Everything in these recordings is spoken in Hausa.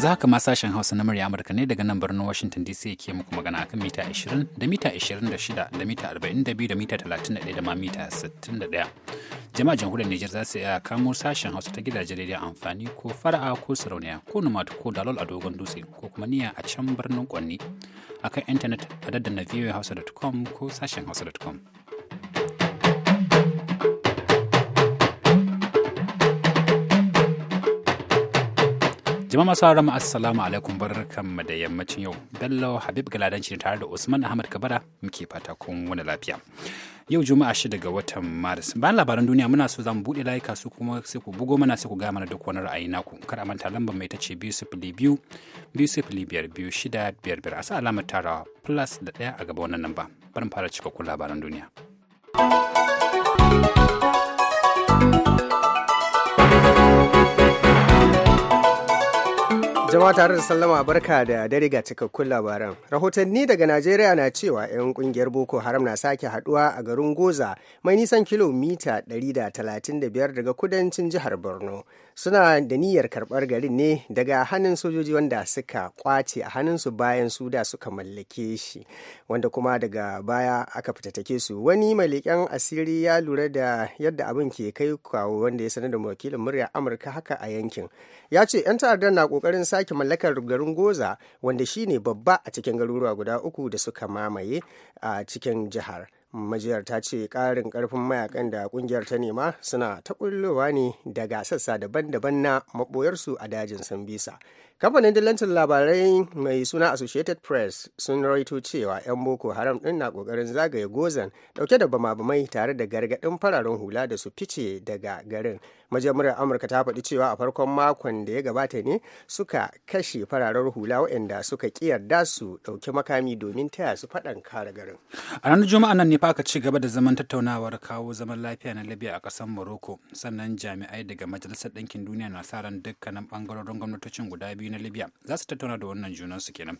Yanzu haka ma sashen Hausa na murya Amurka ne daga nan birnin Washington DC ke muku magana akan mita 20 da mita 26 da mita 42 da mita 31 da ma mita 61. Jama'a jamhuriyar Nijar za su iya kamo sashen Hausa ta gidajen rediyon amfani ko fara'a ko sarauniya ko numatu ko dalol a dogon dutse ko kuma niyya a can birnin Kwanni akan intanet a daddana voahausa.com ko sashen hausa.com. jama'a masu mu assalamu alaikum barkanmu da yammacin yau bello habib galadanci tare da usman ahmad kabara muke fata kun wani lafiya yau juma'a shida ga watan maris bayan labaran duniya muna so zamu bude buɗe layuka su kuma sai ku bugo mana sai ku gaya mana duk wani ra'ayi naku kar a manta lambar mai ta ce biyu sifili biyu biyu sifili biyar biyu shida biyar biyar a sa alamar tarawa plus da ɗaya a gaba wannan namba bari mu fara cikakkun labaran duniya. Jama'a tare da sallama barka da dare ga cikakkun labaran. Rahotanni daga Najeriya na cewa 'yan kungiyar Boko Haram na sake haduwa a garin Goza mai nisan kilomita 135 daga kudancin jihar Borno. suna da niyyar karbar garin ne daga hannun sojoji wanda suka kwace a hannunsu bayan su da suka mallake shi wanda kuma daga baya aka fitattake su wani mai asiri ya lura da yadda abin ke kai kawo wanda ya sanar da wakilin murya amurka haka a yankin ya ce 'yan ta'addar na kokarin sake mallakar garin goza wanda shine babba a cikin garuruwa guda uku da suka mamaye a cikin jihar majiyar ta ce ƙarin ƙarfin mayakan da ƙungiyar ta nema suna ta ne daga sassa daban-daban na maɓoyarsu a dajin sambisa kamfanin dillancin labarai mai suna associated press sun rawaito cewa 'yan boko haram din na kokarin zagaye gozan dauke da bama-bamai tare da gargadin fararen hula da su fice daga garin majamurar amurka ta faɗi cewa a farkon makon da ya gabata ne suka kashe fararen hula waɗanda suka yarda su ɗauki makami domin taya su faɗan kare garin a ranar juma'a nan ne fa aka ci gaba da zaman tattaunawar kawo zaman lafiya na libya a ƙasar morocco sannan jami'ai daga majalisar ɗinkin duniya na sa ran dukkanin ɓangarorin gwamnatocin guda biyu na libya za su tattauna da wannan junansu kenan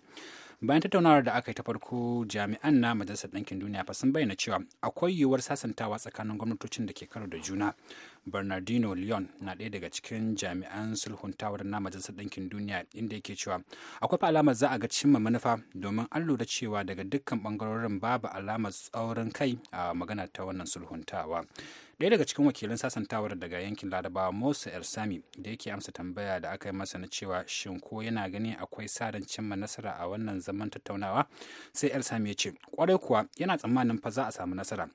bayan tattaunawar da aka yi ta farko jami'an na majalisar ɗankin duniya fa sun bayyana cewa akwai yiwuwar sasantawa tsakanin gwamnatocin da ke karo da juna bernardino leon na ɗaya daga cikin jami'an sulhuntawar na majalisar ɗinkin duniya inda yake cewa akwai alamar za a ga cimma manufa domin an lura cewa daga dukkan bangarorin babu alamar tsaurin kai a magana ta wannan sulhuntawa ɗaya daga cikin wakilan sasantawar daga yankin larabawa musa ersami da yake amsa tambaya da aka yi masa na cewa shin ko yana gani akwai sadan cimma nasara a wannan zaman tattaunawa sai ersami ya ce kwarai kuwa yana tsammanin fa za a samu nasara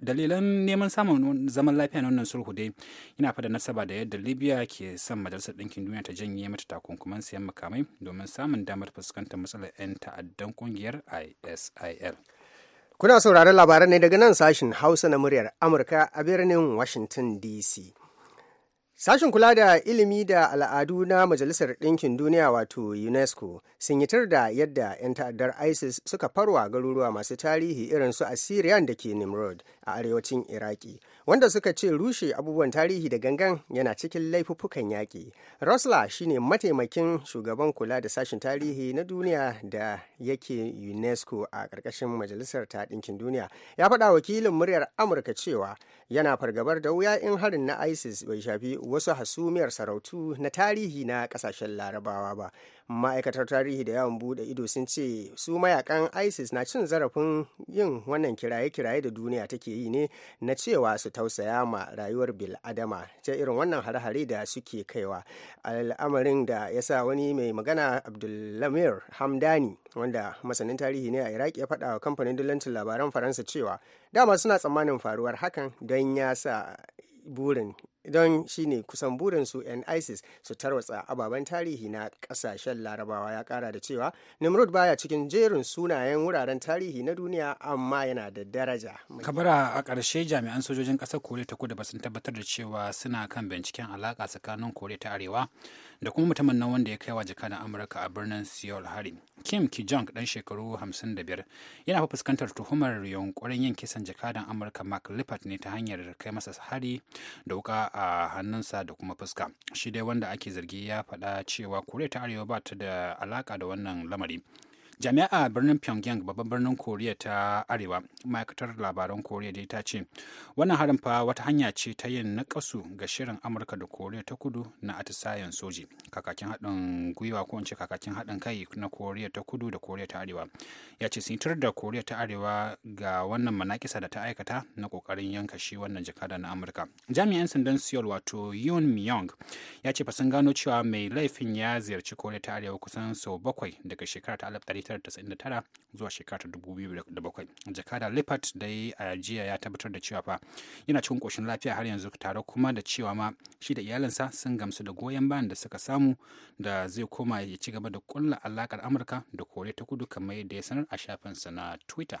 dalilan neman samun zaman lafiya na wannan sulhu netanyahu dai yana fada nasaba da yadda libya ke son majalisar ɗinkin duniya ta janye mata takunkuman siyan makamai domin samun damar fuskantar matsalar 'yan ta'addan kungiyar isil kuna sauraron labaran ne daga nan sashin hausa na muryar amurka a birnin washington dc Sashen kula da ilimi da al'adu na Majalisar Ɗinkin Duniya wato UNESCO sun yitar da yadda 'yan ta'addar ISIS suka farwa garuruwa masu tarihi irin su Assyrian da ke Nimrod a arewacin Iraki. wanda suka ce rushe abubuwan tarihi da gangan yana cikin laifuffukan yaƙi rosla shine mataimakin shugaban kula da sashen tarihi na duniya da yake unesco a ƙarƙashin majalisar ta ɗinkin duniya ya faɗa wakilin muryar amurka cewa yana fargabar da wuya in harin na isis bai shafi wasu hasumiyar sarautu na tarihi na ƙasashen larabawa ba ma'aikatar tarihi da yawon bude ido sun ce su mayakan isis na cin zarafin yin wannan kiraye-kiraye da duniya take yi ne na cewa su tausaya ma rayuwar bil adama ta irin wannan hare-hare da suke kaiwa al'amarin da ya sa wani mai magana abdullamir hamdani wanda masanin tarihi ne a iraq ya faɗa wa kamfanin dillancin labaran faransa cewa dama suna tsammanin faruwar hakan don ya sa burin don shi ne kusan burin su 'yan isis su tarwatsa ababen tarihi na kasashen larabawa ya kara da cewa nimrod baya cikin jerin sunayen wuraren tarihi na duniya amma yana da daraja kabara a ƙarshe jami'an sojojin ƙasar kore ta kudu ba sun tabbatar da cewa suna kan binciken alaƙa tsakanin kore ta arewa da kuma mutumin nan wanda ya kai wa jakadan amurka a birnin seoul hari kim ki jong dan shekaru 55 yana fuskantar tuhumar yunkurin yin kisan jakadan amurka mark lippert ne ta hanyar kai masa hari da wuka a hannunsa da kuma fuska shi dai wanda ake zargi ya faɗa cewa koriya ta arewa ba ta da alaka da wannan lamari jami'a birnin pyongyang babban birnin koriya ta arewa ma'aikatar labaran koriya dai ta ce wannan harin fa wata hanya ce ta yin nakasu ga shirin amurka da koriya ta kudu na atisayen soji kakakin haɗin gwiwa ko ce kakakin haɗin kai na koriya ta kudu da koriya ta arewa ya ce sun da koriya ta arewa ga wannan manakisa da ta aikata na kokarin yanka shi wannan jakada na amurka jami'an sandan seoul wato yun myong ya ce fa sun gano cewa mai laifin ya ziyarci koriya ta arewa kusan sau bakwai daga shekara ta 1999 zuwa shekara ta 2007 jakada lippert dai a jiya ya tabbatar da cewa fa yana cikin koshin lafiya har yanzu tare kuma da cewa ma shi da iyalinsa sun gamsu da goyon bayan da suka samu da zai koma ya ci gaba da kulla alakar amurka da kore ta kudu kamar yadda ya sanar a shafinsa na twitter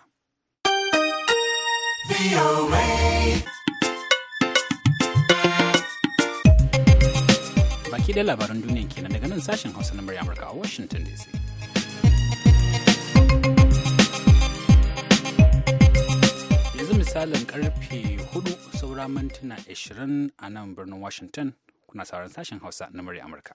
baki da labaran duniya kenan daga nan sashen hausa na murya amurka a washington dc misalin karfe 4 saura mintuna 20 a nan birnin Washington kuna sauran sashen Hausa na murya Amurka.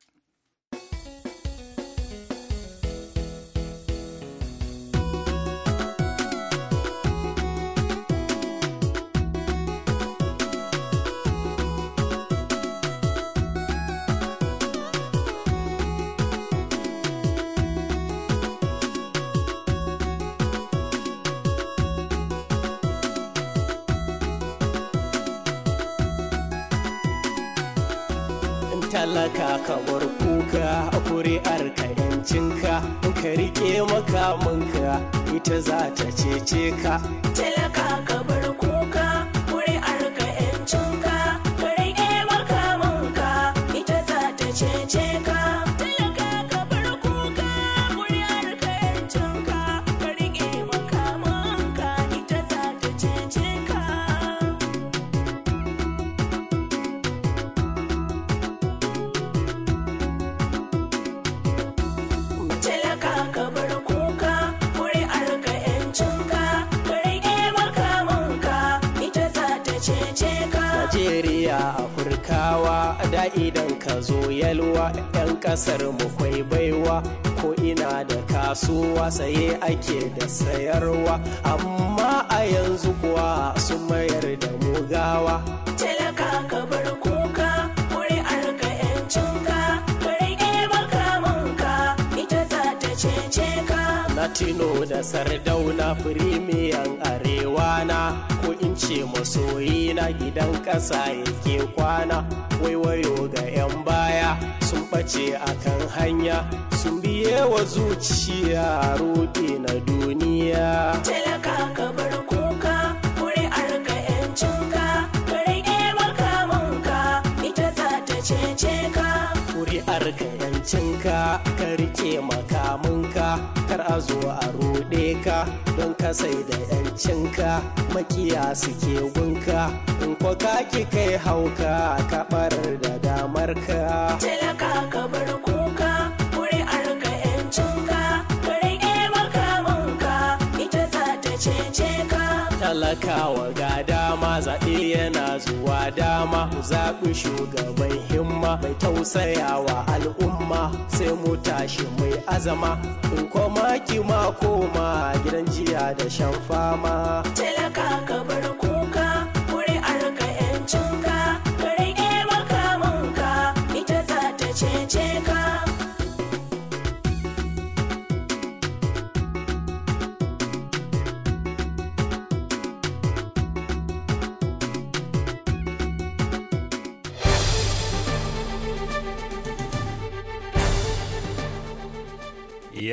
talaka ka bar kuka kuri'ar ka yancinka in ka rike makamanka ita za ta cece ka talaka ka yalwa 'yan kasar mu kwai baiwa ko ina da kasuwa saye ake da sayarwa amma a yanzu kuwa su mayar da mugawa. Tino da Sardauna firimiyan na, ko in ce masoyi na gidan ƙasa yake kwana waiwayo ga 'yan baya sun ɓace a kan hanya sun biye wa zuciya a roɗe na duniya. Talaka ka bar kuka, kuri'ar ka makamanka ita za ta ka rike makaminka kar a zo a ruɗe ka don ka sai da yancinka makiya suke gunka in kwa ki kai hauka ka barar da damar ka. sakawa ga dama zaɓe yana zuwa dama zaɓi shugaban himma mai tausayawa al'umma sai mu tashi mai azama in koma ma koma gidan jiya da shan fama talaka ka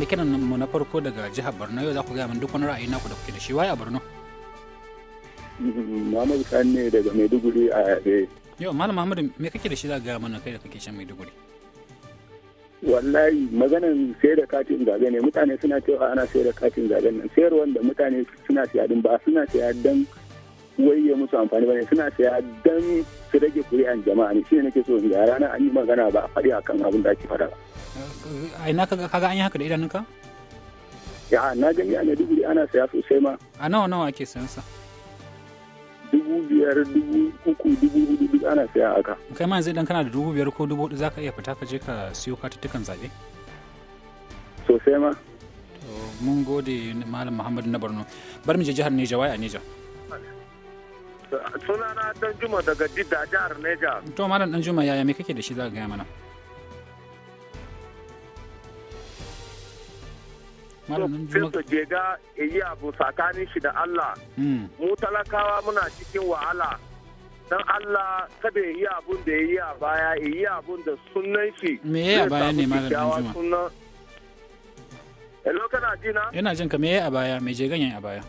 mai kiran mu na farko daga jihar borno yau za ku gaya min duk wani ra'ayi naku da kuke da shi waye a borno Muhammadu Sani ne daga Maiduguri a Yabe. Yau, Malam Muhammadu, me kake da shi za ka gaya mana kai da kake shan Maiduguri? Wallahi, maganan sai da katin zabe ne, mutane suna cewa ana sai da katin zaɓe nan, sayarwar da mutane suna siya din ba suna siya dan wai ya musu amfani ba ne suna saya don su rage kuri'an jama'a ne shine nake so in ga na an yi magana ba a faɗi akan abin da ake faɗa ba. a ina kaga an yi haka da idanunka? ya na gani a maiduguri ana saya sosai ma. a nawa nawa ake sayan sa? dubu biyar dubu uku dubu hudu duk ana saya haka. kai ma yanzu idan kana da dubu biyar ko dubu hudu zaka iya fita ka je ka siyo katuttukan zaɓe. sosai ma. mun gode malam muhammadu na borno bar mu je jihar nija wai a nija. sunana dan juma daga jidda jihar neja to malam dan juma yaya me kake da shi za ka gaya mana Kristo ke ga yi abu tsakanin shi da Allah. Hmm. Mu talakawa muna cikin wahala. Dan Allah kada yi abun da ya baya, yi abun da sunan shi. Me yayi a baya ne malam Juma? Hello kana jina? na? Yana jin ka me yayi a baya, me je ganyen a baya?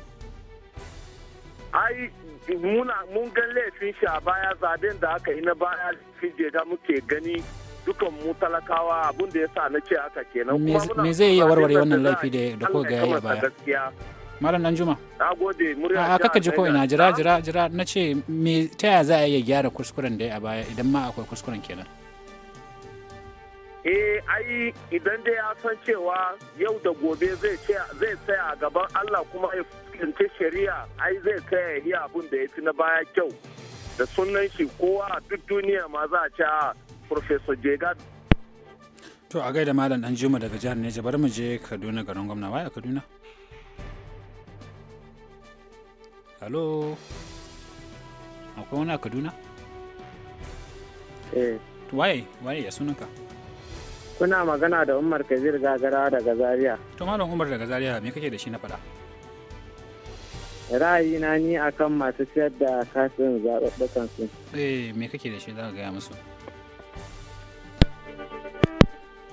Ai muna mun gan laifin shi a baya zaben da aka yi na baya fije da muke gani dukan mu talakawa abin da ya sa na ce haka kenan me zai iya warware wannan laifi da ko ga yayi baya malam dan juma na gode murya a kaka jiko ko ina jira jira jira na ce me ta ya za a iya gyara kuskuren da ya baya idan ma akwai kuskuren kenan eh ai idan dai ya san cewa yau da gobe zai tsaya a gaban Allah kuma ya mutunta shari'a ai zai kai ya abun da ya fi na baya kyau da sunan shi kowa a duk duniya ma za a ci a ah, professor jegad to a gaida malam dan juma daga jihar neja bari mu je kaduna garin gwamna waya kaduna halo akwai wani a kaduna eh waye waye ya sunanka kuna magana da umar kazir gagara daga zaria to malam umar daga zaria me kake da shi na faɗa ra'ayina ni akan masu siyar da katin zaɓaɓɓukan su. Eh me kake da shi za ka gaya musu?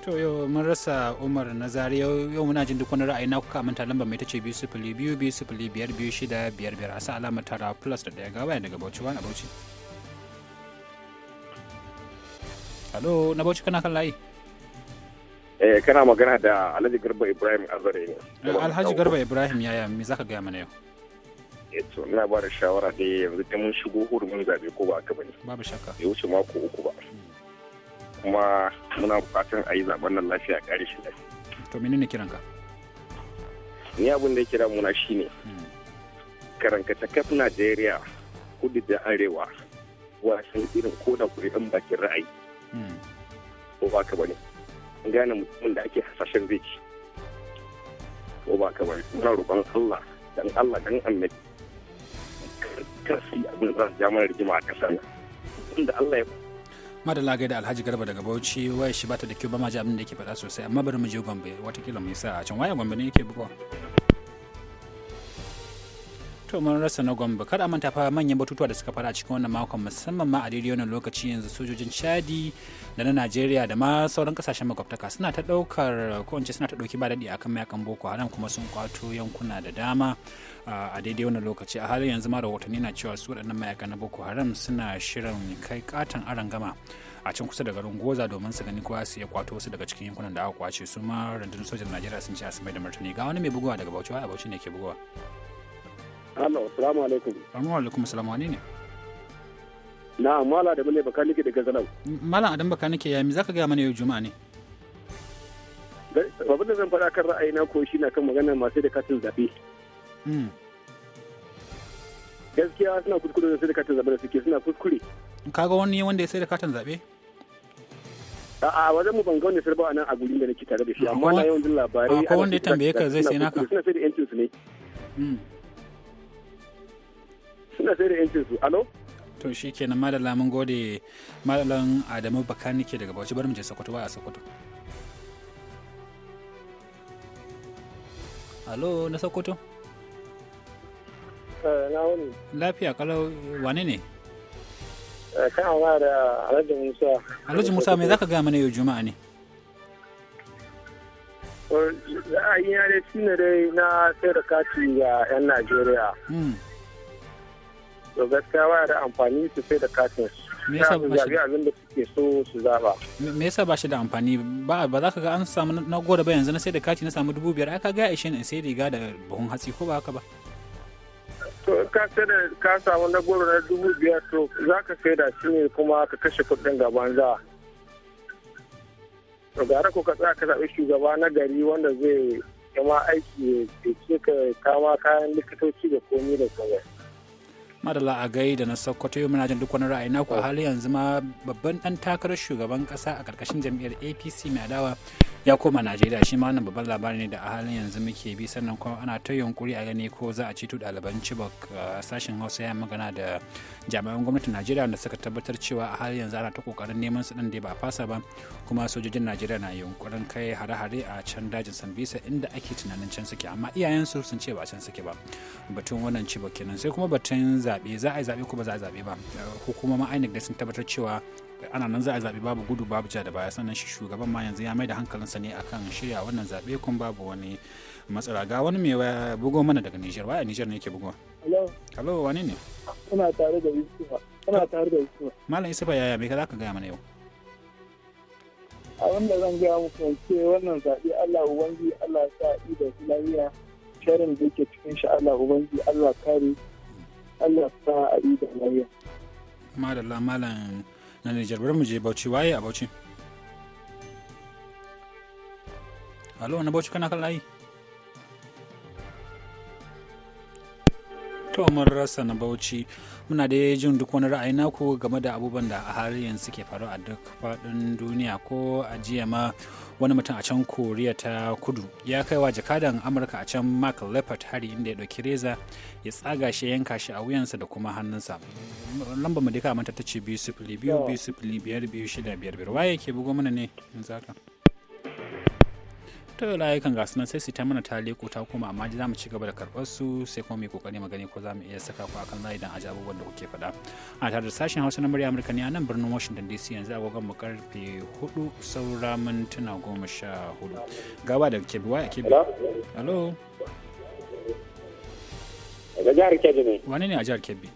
To yau mun rasa Umar na yau muna jin duk wani ra'ayi na kuka aminta lamba mai tace biyu sifili biyu biyu sifili biyar biyu shida biyar biyar a sa alamar tara plus da ɗaya gawa daga Bauchi wani Bauchi. Halo na Bauchi kana kan layi? Eh kana magana da Alhaji Garba Ibrahim Azare ne. Alhaji Garba Ibrahim yaya me zaka gaya mana yau? Eh, to ina ba da shawara da yanzu ta mun shigo hurumin zabe ko ba ka bane babu shakka ya wuce mako uku ba kuma muna buƙatar a yi zaben nan lafiya a ƙare shi lafiya to menene kiranka ni abin da kira muna shine hmm. karanka ta kaf Najeriya kudu da arewa wasan irin koda kuri'an bakin ra'ayi hmm. ko ba ka bane gane mutumin da ake hasashen zai ci ko ba ka bane muna roƙon Allah dan Allah dan annabi kar abin rigima a ƙasar nan tunda Allah ya madalla gaida alhaji garba daga bauchi waya shi bata da kyau ba ma ji abin da yake faɗa sosai amma bari mu je gombe watakila mu yi sa a can waya gombe ne yake bugawa to mun rasa na gwamba kada manta fa manyan batutuwa da suka fara cikin wannan makon musamman ma a daidai wannan lokaci yanzu sojojin chadi da na najeriya da ma sauran kasashen makwabtaka suna ta daukar ko in ce suna ta dauki ba daɗi akan mayakan boko haram kuma sun kwato yankuna da dama a daidai wannan lokaci a halin yanzu ma rahotanni na cewa su waɗannan mayakan na boko haram suna shirin kai katon arangama a can kusa da garin goza domin su gani kowa su ya kwato wasu daga cikin yankunan da aka kwace su ma rundunar sojan najeriya sun ce asibai da martani ga wani mai bugawa daga bauchi a bauchi ne ke bugawa Hello, salamu alaikum. Assalamu alaikum, salamu ne. Na mala da mune baka nake daga zalau. Malam Adam baka nake ya mi zaka gaya mana yau juma'a ne? Abin da zan faɗa kan ra'ayina ko shi na kan magana masu da katin zaɓe. Hmm. Gaskiya suna kuskure da sai da katin zaɓe da suke suna kuskure. Kaga wani wanda ya sai da katin zaɓe? a wajen mu ban ga wanda sarba nan a gurin da nake tare da shi amma na yawan jin labarai. Akwai wanda ya tambaye ka zai sai naka. Suna sai da 'yancinsu ne. Hmm. suna sai da yancin su alo to shi kenan madalla mun gode madallan adamu bakani ke daga bauchi bari mu je sokoto ba a sokoto alo na sokoto eh, na wani lafiya kalau wane ne eh, kan wa da alhaji musa alhaji musa zaka gaya mana yau juma'a ne eh, ra'ayina dai shi ne dai na sai da kati ga 'yan najeriya hmm. da gaskiya waya da amfani su sai da katin su zabi abin da suke so su zaba me yasa ba shi da amfani ba ba za ka ga an samu na gora ba yanzu na sai da kati na samu dubu biyar aka ga ishin in sai riga da buhun hatsi ko ba haka ba to ka sai da ka samu na goro na dubu biyar to za ka sai da shi ne kuma ka kashe kuɗin gaban za to gara ko ka tsaya ka zaɓi shugaba na gari wanda zai ma aiki ya ce ka kama kayan likitoci da komi da sauran madala a gai da na sokoto yau manajan duk wani ra'ayi naku a halin yanzu ma babban dan takarar shugaban kasa a karkashin jam'iyyar apc mai adawa ya koma najeriya shi ma wannan babban labari ne da a halin yanzu muke bi sannan kuma ana ta yunkuri a gani ko za a ceto ɗaliban chibok sashen hausa ya magana da jami'an gwamnatin najeriya da suka tabbatar cewa a har yanzu ana ta kokarin neman su ɗin da ba a fasa ba kuma sojojin najeriya na yunkurin kai hare-hare a can dajin sambisa inda ake tunanin can suke amma iyayensu sun ce ba can suke ba batun wannan ci kenan sai kuma batun zaɓe za a yi zaɓe ko ba za a zaɓe ba hukumomin inec da sun tabbatar cewa ana nan za a zaɓi babu gudu babu ja da baya sannan shugaban ma yanzu ya mai da hankalinsa ne akan shirya wannan zaɓe kuma babu wani matsala ga wani mai bugo mana daga nijar waya nijar ne ke bugo Hello, wani ne? Kuna tare da Yusufa. Kuna tare da Yusufa. Malam Yusufa yaya me kaza ka gaya mana yau? A wanda zan gaya muku ce wannan zaɓe Allah Ubangi Allah sa da su lafiya. Sharin da yake cikin shi Allah Ubangi Allah kare. Allah sa a da lafiya. Madalla malam na Nijar bari mu je Bauchi waye a Bauchi. Hello, na Bauchi kana kan layi? to mun rasa na bauchi muna da jin duk wani ra'ayi naku game da abubuwan da a halin yanzu ke faru a duk faɗin duniya ko a jiya ma wani mutum a can koriya ta kudu ya kai wa jakadan amurka a can mark leopard hari inda ya dauki reza ya tsaga shi yanka shi a wuyansa da kuma hannunsa lambar mu dika manta ta ce biyu sifili biyu biyu sifili biyar biyu shida biyar biyar waye ke bugo mana ne yanzu haka to layukan gasu nan sai su ta mana ta leko ta koma amma za mu ci gaba da karɓar su sai kuma mu kokari magani ko za mu iya saka ku akan layi dan aji abubuwan da kuke faɗa a tare da sashen hausa na murya amurka ne a nan birnin washington dc yanzu agogon mu karfe hudu saura mintuna goma sha hudu gaba da kebi waya kebi alo daga wani ne a jihar kebbi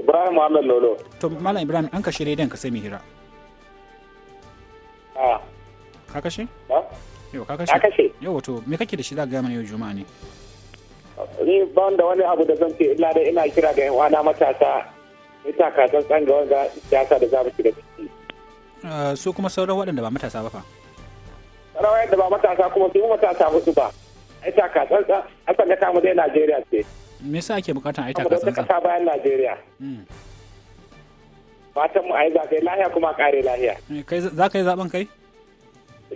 ibrahim muhammad lolo to malam ibrahim an ka shirya ka sai mihira hira ah. ka kashe? yau kakashi kashe? yau wato me kake da shi za ka gaya mana yau juma'a ne ni ban da wani abu da zan ce illa da ina kira ga yan na matasa ni ta ka san ga wanda siyasa da za mu shiga ciki ah, su kuma sauran waɗanda ba matasa ba fa sauran waɗanda ba matasa kuma su matasa musu ba ai ta ka san asan da kamu dai Najeriya ce me yasa ake bukatan ai ta ka san ka bayan Najeriya hmm. fatan mu yi zaɓe lahiya kuma kare lahiya eh, za ka yi zaben kai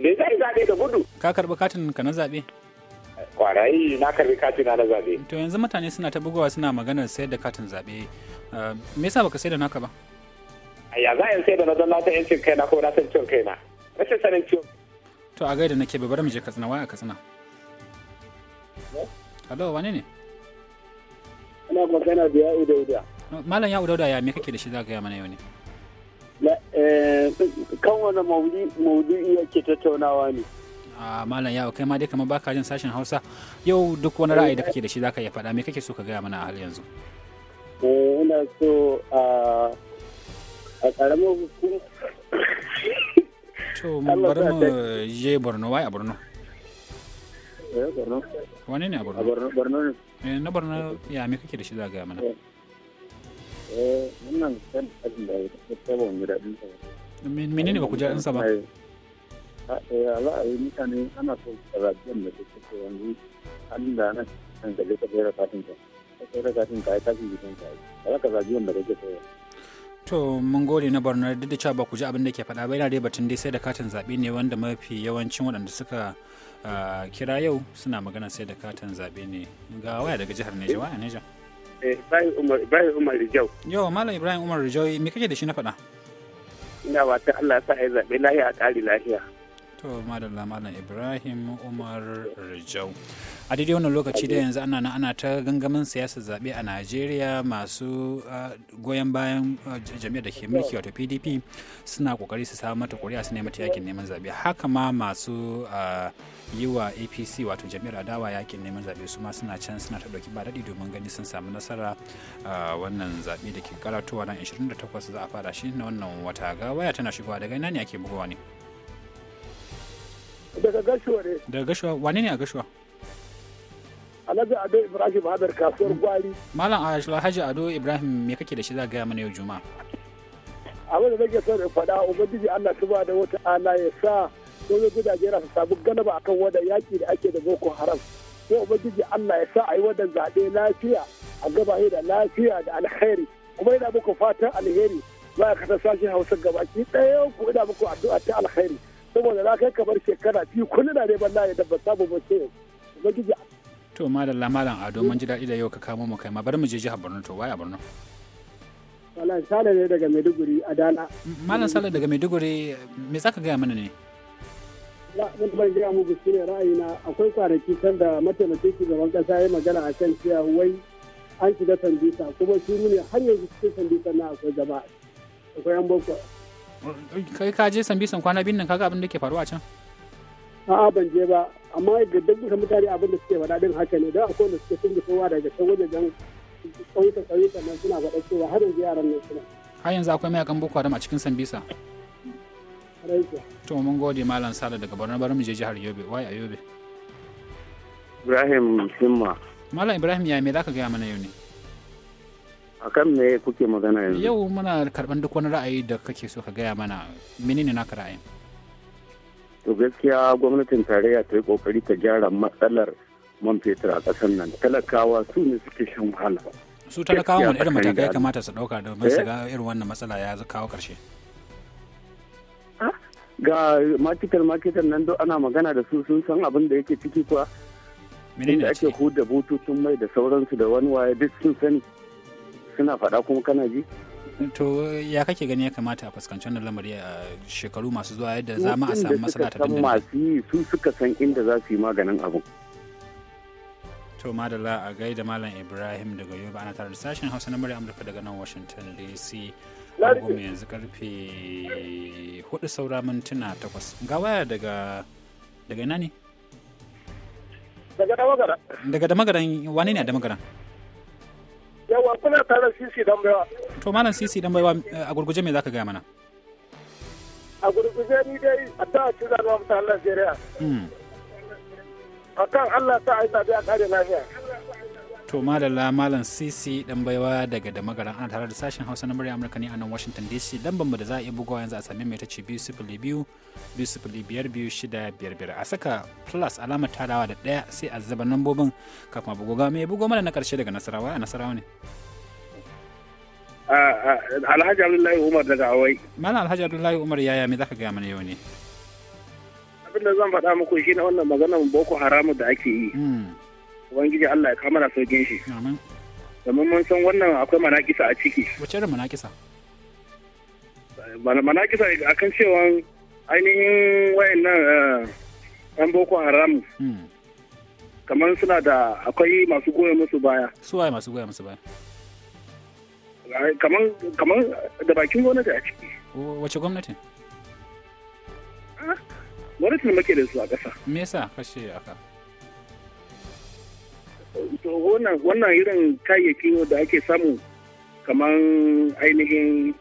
da zai zaɓe da gudu. Ka karɓi katin ka na zaɓe? Kwarayi na karɓi katina na zaɓe. To yanzu mutane suna ta bugawa suna maganar sayar da katin zaɓe. Eh, me yasa baka sayar da naka ba? Ya za a sayar da na don na san yancin kaina ko na san ciwon kaina. Rashin sanin ciwon. To a gaida nake bari mu je Katsina waya Katsina. Hello wane ne? Ina magana da Ya'u Dauda. Malam Ya'u Dauda ya me kake da shi za ka gaya mana yau ne? Eh, kan wani iya ke tattaunawa ne a ah, malam yawo kai ma dai kamar baka jin sashen hausa yau duk wani ra'ayi da kake da shi zaka iya faɗa me kake so ka gaya mana a hal yanzu eh, ina so a karamar hukumar to bar mu je borno wai a borno eh, wani ne a borno borno ne na borno ya me kake da shi za gaya mana eh da ya menene ba ku ba eh, eh, ra'ayi mutane ana so rajiyar da ce yanzu an da katin katin jikin rajiyar da to mun gode na barna duk da cewa ba ku ji abin da ke faɗa ba yana dai batun dai sai da katin zaɓe ne wanda mafi yawancin waɗanda suka ah, kira yau suna magana sai da katin zaɓe ne ga waya daga jihar neja waya neja Ibrahim Umar Rijau. Yau, Malam Ibrahim Umar Rijau, me kake da shi na faɗa? Ina wata Allah sa ya zaɓe lahiya a ƙari lahiya. to madalla malam ibrahim umar rijau a daidai wannan lokaci da yanzu ana ana ta gangamin siyasa zaɓe a najeriya masu goyon bayan jami'ar da ke mulki wato pdp suna kokari su samu mata kuri'a su nemi yakin neman zaɓe haka ma masu yi wa apc wato jami'ar adawa yakin neman zaɓe su ma suna can suna ta ɗauki ba daɗi domin gani sun samu nasara wannan zaɓe da ke karatowa na 28 za a fara shi na wannan wata ga waya tana shigowa daga ina ne ake bugowa ne Daga gashuwa ne. Daga gashuwa wane ne a gashuwa? Alhaji Ado Ibrahim Hadar kasuwar Gwari. Malam Alhaji Ado Ibrahim me kake da shi za gaya mana yau Juma'a? Abin da nake son in faɗa Ubangiji Allah ba da wata ala ya sa sojojin gudaje na su samu galaba akan wanda yaƙi da ake da Boko Haram. Sai Ubangiji Allah ya sa a yi wadda zaɓe lafiya a gabaye da lafiya da alheri kuma yana muku fatan alheri za a kasar sashen Hausa gabaki ɗaya ku ina muku addu'a ta alheri. saboda na kai kamar shekara biyu kullum na neman na yadda ba samu ba sai ubangiji to malam malam ado mun ji daɗi da yau ka kamo mu kai ma bari mu je jihar borno to waya borno malam sale ne daga maiduguri a dana malam sale daga maiduguri me zaka gaya mana ne mun ban gaya muku ra'ayi na akwai kwanaki can da mataimakin shugaban kasa ya magana a kan cewa wai an shiga sandisa kuma shi ne har yanzu cikin sandisa na akwai jama'a akwai yan boko kai ka je sambisan kwana biyun nan kaga abin da ke faruwa a can a'a ban je ba amma ga dukkan mutane abin da suke faɗa din haka ne da akwai da suke sun kowa daga can wajen ƙauyuka ƙauyuka nan suna faɗa cewa har yanzu yaran nan suna har yanzu akwai mayakan boko haram a cikin sambisa to mun gode malam sada daga barna bari je jihar yobe wai a yobe ibrahim simma malam ibrahim ya me ka gaya mana yau ne akan me kuke magana yanzu yau muna karban duk wani ra'ayi da kake so ka gaya mana menene naka ra'ayin to gaskiya gwamnatin tarayya ta yi kokari ta gyara matsalar man fetur a kasar nan talakawa su ne suke shan wahala su talakawa wani irin matakai kamata su ɗauka domin su eh? ga irin wannan matsala ya kawo karshe ah, ga matikar makitan nan duk ana magana da su sun san abin da yake ciki kuwa inda ake da bututun mai da sauransu da wani waye duk sun sani suna faɗa kuma kana ji to ya kake gani ya kamata a fuskanci wannan lamari a shekaru masu zuwa yadda za mu a samu masana ta dindin masu yi su suka san inda za su yi maganin abu to madalla a gaida malam ibrahim daga yoruba ana tare da sashen hausa na murya amurka daga nan washington dc agogo yanzu karfe hudu saura mintuna takwas ga waya daga daga ina ne daga damagaran daga damagaran wane ne a damagaran yawa kuna tare sisi don baiwa to malam sisi don baiwa a gurguje me zaka gaya mana a gurguje ni dai a ta ci zan mutanen Najeriya hmm. kan Allah ta aita da kare lafiya to malala malam sisi dan baiwa daga da magaran ana tare da sashen hausa na murya amurka ne a nan washington dc dan mu da za a iya bugawa yanzu a sami mai ta ce biyu sifili biyu biyu sifili biyar biyu shida biyar biyar a saka plus alamar tarawa da ɗaya sai a zaba lambobin kafin a bugoga mai bugo mana na karshe daga nasarawa a nasarawa ne. Ah, ah, alhaji abdullahi umar daga awai. malam alhaji abdullahi umar yaya me zaka gaya mana yau ne. abin da zan faɗa muku shi na wannan maganar boko haramu da ake yi. Hmm. ubangiji Allah ya kama da saukin shi Amin. mun san wannan akwai manakisa a ciki wace irin manakisa manakisa kan cewa ainihin wayannan ɗan eh, boko haram hmm. kamar suna da akwai masu goya musu baya su waye masu goya musu baya kamar da bakin gwamnati a ciki wace gwamnati ah, gwamnatin muke da su a ƙasa me yasa kashe aka to wannan irin kayayyaki da ake samu kamar ainihin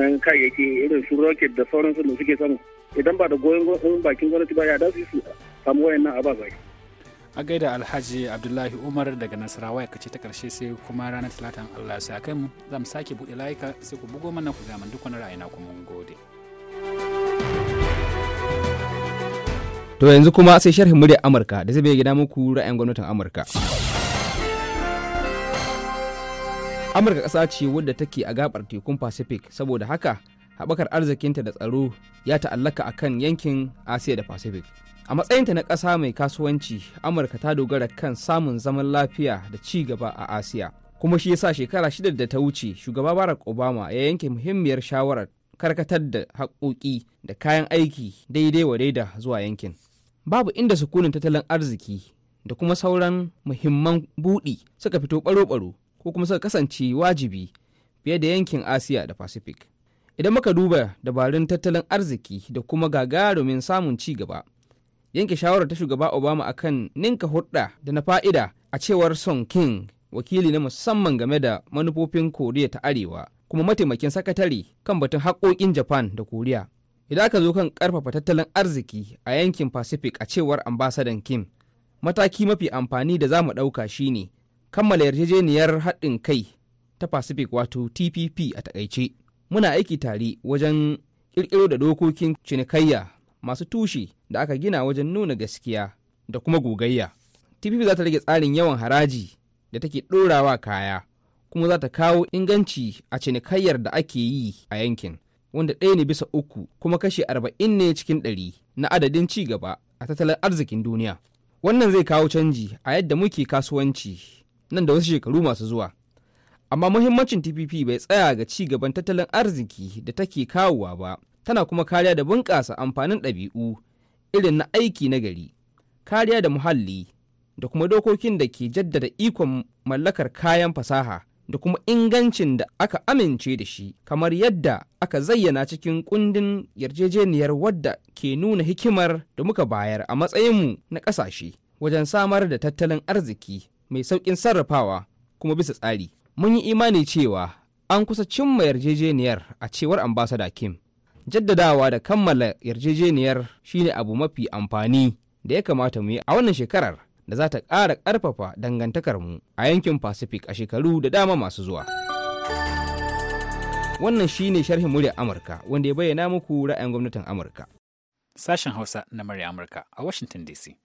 eh, kayayyaki irin su rocket da sauransu da suke samu idan ba da goyon bakin gwamnati ba ya da su samu wayannan ababai a gaida alhaji abdullahi umar daga nasarawa ya kace ta karshe sai kuma ranar talatan allah ya kai mu za mu sake buɗe layuka sai ku bugo mana ku gaman duk wani ra'ayina kuma gode to yanzu kuma sai sharhin murya amurka da zai bai gida muku ra'ayin gwamnatin amurka amurka ƙasa ce wadda take a gabar tekun pacific saboda haka haɓakar arzikinta da tsaro ya ta'allaka a kan yankin asiya da pacific a matsayinta na ƙasa mai kasuwanci amurka ta dogara kan samun zaman lafiya da ci gaba a asiya kuma shi yasa shekara shida da ta wuce shugaba barack obama ya yanke muhimmiyar shawarar karkatar da haƙoƙi da kayan aiki daidai wa daida zuwa yankin babu inda sukunin tattalin arziki da kuma sauran muhimman buɗi suka fito ɓaro baro ko kuma suka kasance wajibi fiye da yankin asiya da pacific idan muka duba dabarun tattalin arziki da kuma gagarumin samun ci gaba yanke shawarar ta shugaba obama akan ninka hudda da na fa'ida a cewar son king wakili na musamman game da manufofin koriya ta arewa kuma mataimakin sakatare kan batun haƙoƙin japan da koriya idan aka zo kan ƙarfafa tattalin arziki a yankin pacific a cewar ambasadan kim mataki mafi amfani da za mu ɗauka shine kammala yarjejeniyar haɗin kai ta pacific wato tpp a takaice muna aiki tare wajen ƙirƙiro da dokokin cinikayya masu tushe da aka gina wajen nuna gaskiya da kuma gogayya tpp za ta rage tsarin yawan haraji da take ɗorawa kaya kuma za ta kawo inganci a cinikayyar da ake yi a yankin wanda ɗaya ne bisa uku kuma kashe arba'in ne cikin ɗari na adadin ci gaba a tattalin arzikin duniya wannan zai kawo canji a yadda muke kasuwanci nan da wasu shekaru masu zuwa amma muhimmancin tpp bai tsaya ga ci gaban tattalin arziki da take kawowa ba tana kuma kariya da bunƙasa amfanin ɗabi'u irin na aiki na gari kariya da muhalli da kuma dokokin da ke jaddada ikon mallakar kayan fasaha da kuma ingancin da aka amince da shi kamar yadda aka zayyana cikin kundin yarjejeniyar wadda ke nuna hikimar da muka bayar a matsayinmu na ƙasashe wajen samar da tattalin arziki mai sauƙin sarrafawa kuma bisa tsari mun yi imani cewa an kusa cimma yarjejeniyar a cewar ambasada kim jaddadawa da kammala yarjejeniyar shine abu mafi amfani da ya kamata mu yi a wannan shekarar da za ta ƙara ƙarfafa dangantakarmu a yankin pacific a shekaru da dama masu zuwa wannan shine sharhin muryar amurka wanda ya bayyana muku ra'ayin gwamnatin amurka sashen hausa na murya amurka a washington dc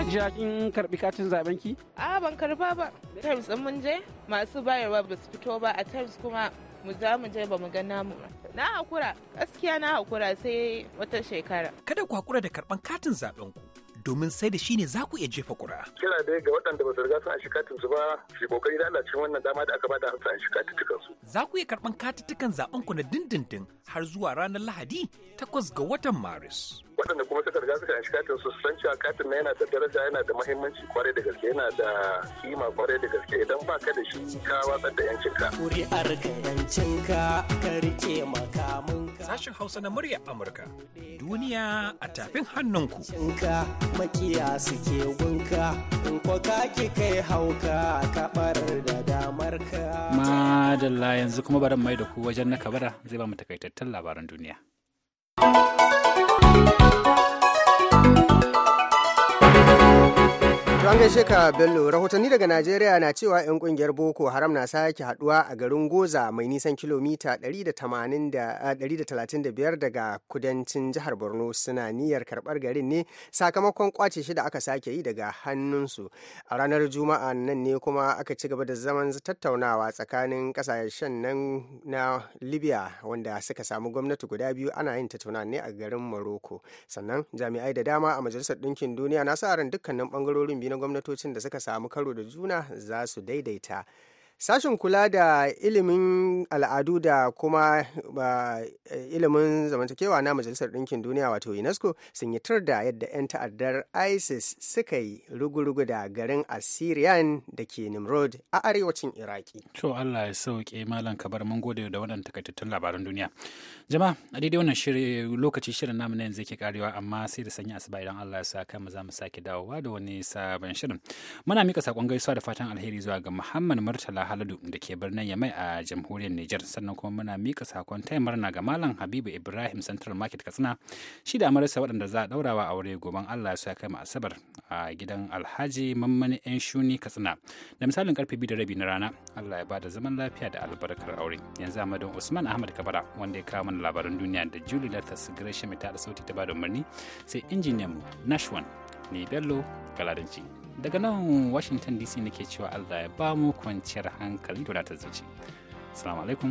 Hajiya kin karbi katin zaben ki? A ban karba ba. Times din mun je masu bayarwa ba su fito ba a times kuma mu za mu je ba mu ga namu ba. Na hakura, gaskiya na hakura sai wata shekara. Kada ku hakura da karban katin zaben ku. domin sai da shi ne za ku iya jefa kura. Kira dai ga waɗanda ba su riga sun anshi su ba shi kokari da Allah cikin wannan dama da aka bada a anshi katuttukan su. Za ku iya karɓan katuttukan zaɓen ku na dindindin har zuwa ranar Lahadi takwas ga watan Maris. Waɗanda kuma suka riga suka anshi katin su su san cewa katin na yana da daraja yana da mahimmanci kwarai da gaske yana da kima kwarai da gaske idan ba ka da shi ka watsar da yancinka. Kuri'ar ka yancinka ka rike makamin sashen Hausa na murya Amurka. Duniya a tafin hannunku. Cinka makiya suke gunka, in kwaka ki kai hauka kabar da damarka. Madalla yanzu kuma barin mai da ku wajen na kabara zai ba mu takaitattun labaran duniya. To an gaishe ka Bello rahotanni daga Najeriya na cewa 'yan kungiyar Boko Haram na sake haduwa a garin Goza mai nisan kilomita 135 daga kudancin jihar Borno suna niyyar karbar garin ne sakamakon kwace shi da aka sake yi daga hannunsu. A ranar Juma'a nan ne kuma aka ci gaba da zaman tattaunawa tsakanin kasashen nan na Libya wanda suka samu gwamnati guda biyu ana yin tattaunawa ne a garin Morocco. Sannan jami'ai da dama a Majalisar Ɗinkin Duniya na sa ran dukkanin bangarorin biyu na gwamnatocin da suka samu karo da juna za su daidaita sashen kula da ilimin al'adu da kuma eh, ilimin zamantakewa na majalisar ɗinkin duniya wato unesco sun yi tur da yadda 'yan ta'addar isis suka yi rugu-rugu da garin assyrian da ke nimrod a arewacin iraki to allah ya sauke malam kabar mun gode da waɗanda takaitattun labaran duniya Jama'a a daidai wannan shiri lokaci shirin namu na yanzu yake karewa amma sai da sanya asuba idan Allah ya sa kama za mu sake dawowa da wani sabon shirin. Muna mika sakon gaisuwa da fatan alheri zuwa ga Muhammad Murtala Haladu da ke birnin Yamai a jamhuriyar Nijar sannan kuma muna mika sakon taya murna ga Malam Habibu Ibrahim Central Market Katsina shi da amarsa waɗanda za a daurawa a aure goban Allah ya sa kama asabar a gidan Alhaji Mammani Yan Shuni Katsina da misalin karfe biyu da rabi na rana Allah ya bada zaman lafiya da albarkar aure yanzu Amadon Usman Ahmad Kabara wanda ya kawo labaran duniya da Julie Lathas Gresham mai tada sauti ta bada umarni sai injiniyan mu Nashwan ne Bello Galadanci. Daga nan Washington DC nake cewa Allah ya ba mu kwanciyar hankali da wadatar zuci. salamu alaikum.